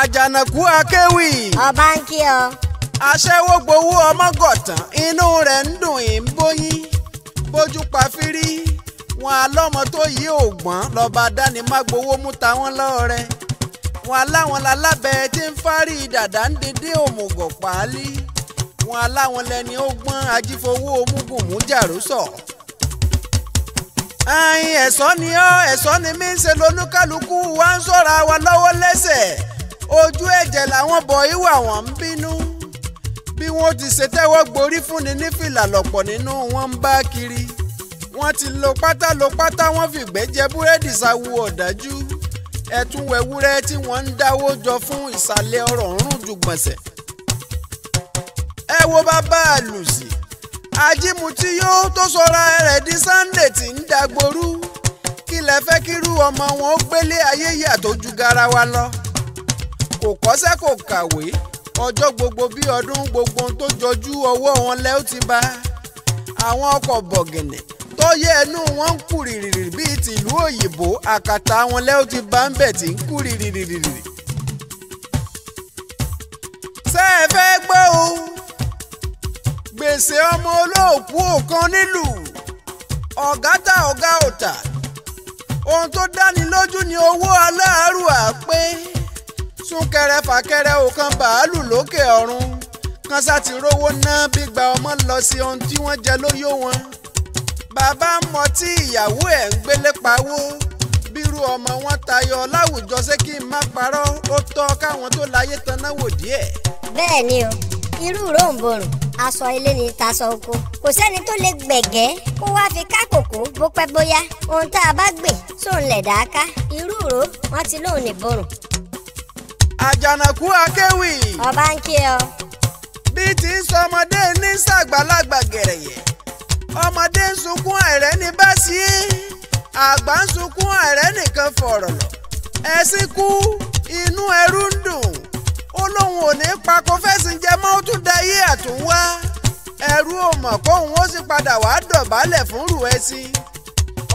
àjànàkú akéwì. ọba ń kí ọ. aṣẹ́wó gbowó ọmọgọ̀tàn inú rẹ̀ ń dùn ì ń bóyín bójú pa fírí wọn alọ́mọ tó yí ògbọ́n lọ́ba dánimágbowó mú ta wọ́n lọ́rẹ́ wọn aláwọn lalábẹ́ tí ń fárí dàdá ń dídí òmùgọ̀ pàálí. wọn aláwọn lẹni ó gbọ́n ajífowó omúgùnmú jàrúsọ̀. So ẹ̀yin ẹ̀sọ́ ni ọ́ ẹ̀sọ́ ni mí ń ṣe lónúkálukú wa ń sọ̀rọ̀ àwa lọ́wọ́ lẹ́sẹ̀ ojú ẹ̀jẹ̀ làwọn bọ̀yì wà wọ́n ń bínú bí wọ́n ti ṣe tẹ́wọ́ gborí fúnni ní fìlà lọ́pọ̀ nínú wọn ń bá kiri wọ́n ti lo pátá lo pátá wọ́n fìgbẹ́ jẹ búrẹ́dì sáwù ọ̀dájú ẹ̀tún wẹ̀wúrẹ́ tí wọ́n ń dáwó jọ fún ìsàlẹ̀ ọ̀rọ̀ ọ̀run jù gbọ̀nsẹ̀. ẹ wo bàbá àlùsì ajímutí yóò tó sọra rẹ̀ di Sunday tí ń dagboru kí lẹ fẹ́ kírú ọmọ wọn ó gbélé ayé yà ju garawa lọ kò kọ́ṣẹ́ kò kàwé ọjọ́ gbogbo bí ọdún gbogbo tó jọjú ọwọ́ wọn lẹ́ ó ti bá àwọn ọkọ̀ bọ̀gìnì tó yẹ ẹnu wọn ń kú rìrìrì bíi tìlú òyìnbó àkàtà wọn lẹ́ ó ti bá ń bẹ̀ tí ń kú rìrìrì. ṣé ẹ fẹ́ gbọ́ o gbèsè ọmọ olóòkú òkan nílùú ọ̀gá ta ọ̀gá ọ̀tà ohun tó dáni lójú ni owó aláàárù àpé súnkẹrẹ fàkẹrẹ ò kan bàálù lókè ọ̀run kan sá ti rówó ná bí gba ọmọ lọ sí ohun tí wọ́n jẹ lóyó wọn. bàbá mọ ìyàwó ẹ̀ ń gbélé pawó bírú ọmọ wọn tayọ láwùjọ ṣé kí n má parọ́ ó tọ́ káwọn tó láyé tanáwò díẹ̀. bẹ́ẹ̀ ni o irú ròǹbòrò aṣọ ilé ni taṣọ oko kò sẹ́ni tó lè gbẹ̀gẹ́ kó wá fi ká kòkó bó pẹ́ bóyá ohun tá a bá gbìn sóun lẹ̀ dáa irú ro wọn ti lóun nìbòrò àjànàkú akéwì. ọba ń kí ọ. bí ti sọmọdé ní sàgbàlagbà gẹ̀rẹ̀yẹ̀ ọmọdé ń sunkún àìrẹ́ ní bá sí àgbà ń sunkún àìrẹ́ nìkan fọ̀rọ̀ lọ ẹ̀sìn kú inú ẹrú ń dùn ó lóun ò ní pa kó fẹ́sìn jẹ mọ́ ó tún da iye àtúnwá ẹrú ò mọ̀ kóun ó sì padà wàá dọ̀bálẹ̀ fúnrù ẹṣin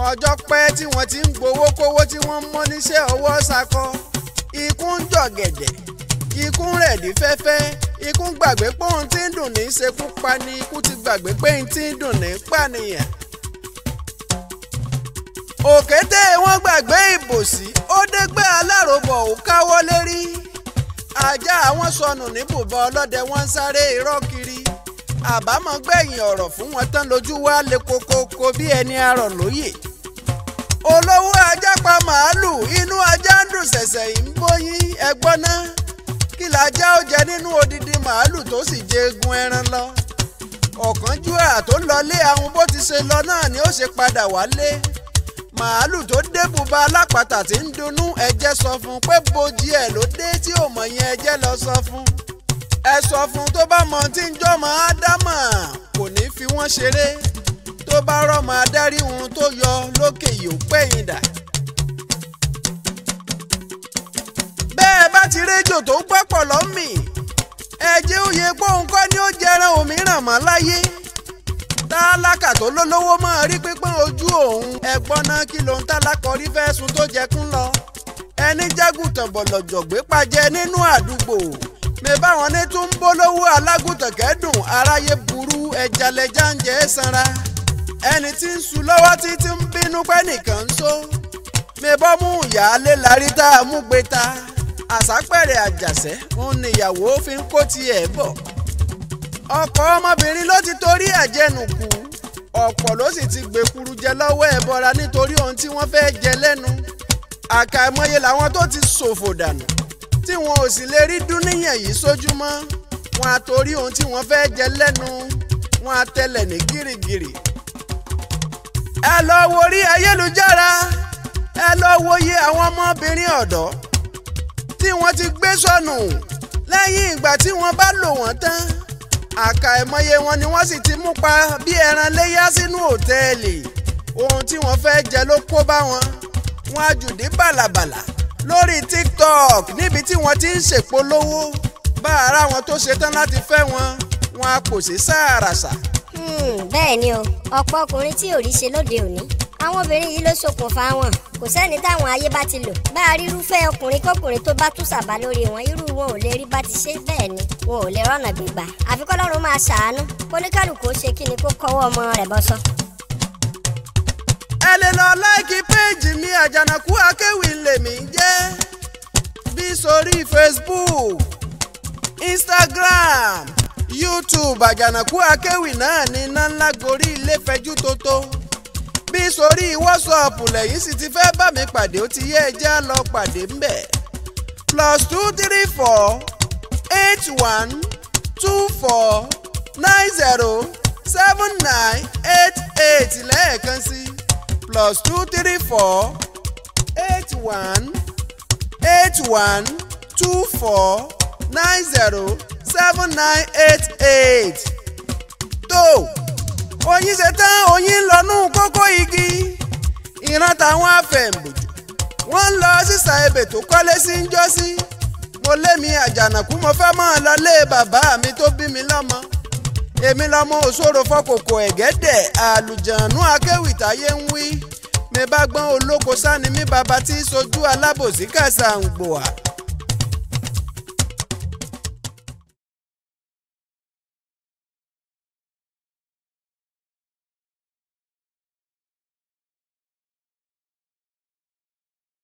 ọjọ́ pẹ́ tí wọ́n ti ń gbowó kówó tí wọ́n mọ́ níṣẹ́ ọwọ́ sakọ ikú ń jọ̀gẹ̀dẹ̀ ikú ń rẹ̀dí fẹ́fẹ́ ikú ń gbàgbé pé ohun tí ń dùn ní í ṣekú pa ni ikú ti gbàgbé pé ohun tí ń dùn ní í pànìyàn. òkété wọn gbàgbé ìbòsí ó dégbé aláròbọ ò káwọ́ lérí ajá àwọn sọnù níbùbọ ọlọ́dẹ wọn sáré irọ́ kiri àbámọ̀ gbẹ̀yìn ọ̀rọ̀ fún wọn tán lójú wa lè kokoko bí ẹni arọ̀ lóye olówó ajá pa màálù inú ajá ń dùn ṣẹ̀ṣẹ̀ yìí ń bóyín ẹgbọ́n náà kí lajá ó jẹ nínú odidi màálù tó sì jẹ egun ẹran lọ ọ̀kánjúwà tó lọlé àwọn bó ti ṣe lọ náà ni ó ṣe padà wálé màálù tó débùbà alápàtà tí ń dunnú ẹjẹ sọ fún pé bojì ẹ ló dé tí ò mọ̀ yẹn ẹjẹ lọ sọ fún ẹ sọ fún tó bá mọ tí ń jọmọ ádámà kò ní fi wọ́n ṣeré tó bá rọmọ adarí wọn tó yọ lókè yòó pẹ̀yìn ti rédíò tó gbẹ́pọ̀ lọ́mì ẹ̀jẹ̀ òye pọ́hùn kọ́ ni ó jẹran òmíràn mọ́ láyé tálákà tó lólówó máa rí pípọ́n ojú òun ẹ̀gbọ́n náà kí ló ń tálákọ rí fẹ́ sun tó jẹkún lọ ẹni jágùntàn bọ̀lọ̀jọ̀ gbé pàjẹ nínú àdúgbò mẹ́bàwọn ní tún ń bólówó alágùntàn kẹ́dùn aráyé burú ẹ̀jálẹ̀já ń jẹ́ sanra ẹni tí ń sun lọ́wọ́ títí ń bínú pẹ́ nìkan ń so mẹ́bọ́ mú ìyáálé larí tá a mú gbé ta àsápẹ̀rẹ̀ àjàṣẹ́ ń níyàwó fi ń kó tiẹ̀ bọ̀ ọkọ ọmọbìnrin ló ti torí ẹ̀jẹ̀ nù kú ọ̀pọ̀ ló sì ti gbèkuru jẹ lọ́wọ́ ẹ̀bọra nítorí ohun tí wọ́n fẹ́ jẹ lẹ́nu àkàìmọye làwọn tó ti ṣòfò dànù tí wọn ò sì lè rí dúníyàn yìí sójúmọ́ wọn á torí ohun tí wọ́n fẹ́ jẹ lẹ́nu wọn á ní gírígírí. ẹ lọ wo orí ayélujára ẹ lọ wo iye àwọn ọmọbìnrin ọ̀dọ́ tí wọ́n ti gbé sọnù lẹ́yìn ìgbà tí wọ́n bá lò wọ́n tán àkà ìmọye wọn ni wọ́n sì ti mú pa bí ẹran léyà sínú òtẹ́ẹ̀lì ohun tí wọ́n fẹ́ jẹ ló kó bá wọn wọn àjùdí bàlàbàlà lórí tiktok níbi tí wọ́n ti ń ṣèpolówó bá ara wọn tó ṣetán láti fẹ́ wọn wọn a kò sí sáàràṣà. Hmm, bẹ́ẹ̀ ni o ọ̀pọ̀ ọkùnrin tí ò rí ṣe lóde òní àwọn obìnrin yìí ló ṣokùnfà wọn kò sẹ́ni táwọn ayé bá ti lò bá a rírúfẹ́ ọkùnrin kọkùnrin tó bá tú sàbà lórí wọn irú wọn ò lè rí bá ti ṣe bẹ́ẹ̀ ni wọn ò lè rọ́nà gbígbà àfi máa ṣàánú kóníkàlùkù ó ṣe kí ni kó kọ́wọ́ ọmọ rẹ̀ bọ́ ẹ lè lọ láìkí péèjì mi àjànàkú akéwì lèmi jẹ́ bí sórí Facebook Instagram YouTube àjànàkú akéwì náà ní nánlá gorí ilé fẹjú tótó bí sórí wọ́sọ̀pù lẹ́yìn sì ti fẹ́ bá mi pàdé ó ti yẹ ẹja lọ pàdé ńbẹ̀ plus two three four eight one two four nine zero seven nine eight eight lẹ́ẹ̀kan sí plus two three four eight one eight one two four nine zero seven nine eight eight tó oyin ṣe tán oyin lọ́nù ìran táwọn afẹ̀m̀bòjò wọ́n ń lọ sísà ebè tó kọ́lé sí ń jọ́ sí mo lémi àjànàkú mo fẹ́ mọ́ ọ lọlé bàbá mi tó bí mi lọ́mọ èmi lọ́mọ òṣòro fọkòkò ẹ̀gẹ́dẹ̀ àlùjànú akéwì táyé ń wí mi bá gbọ́n olóko sani mi bàbá tí sojú alábòsí kàṣà ń gbòà.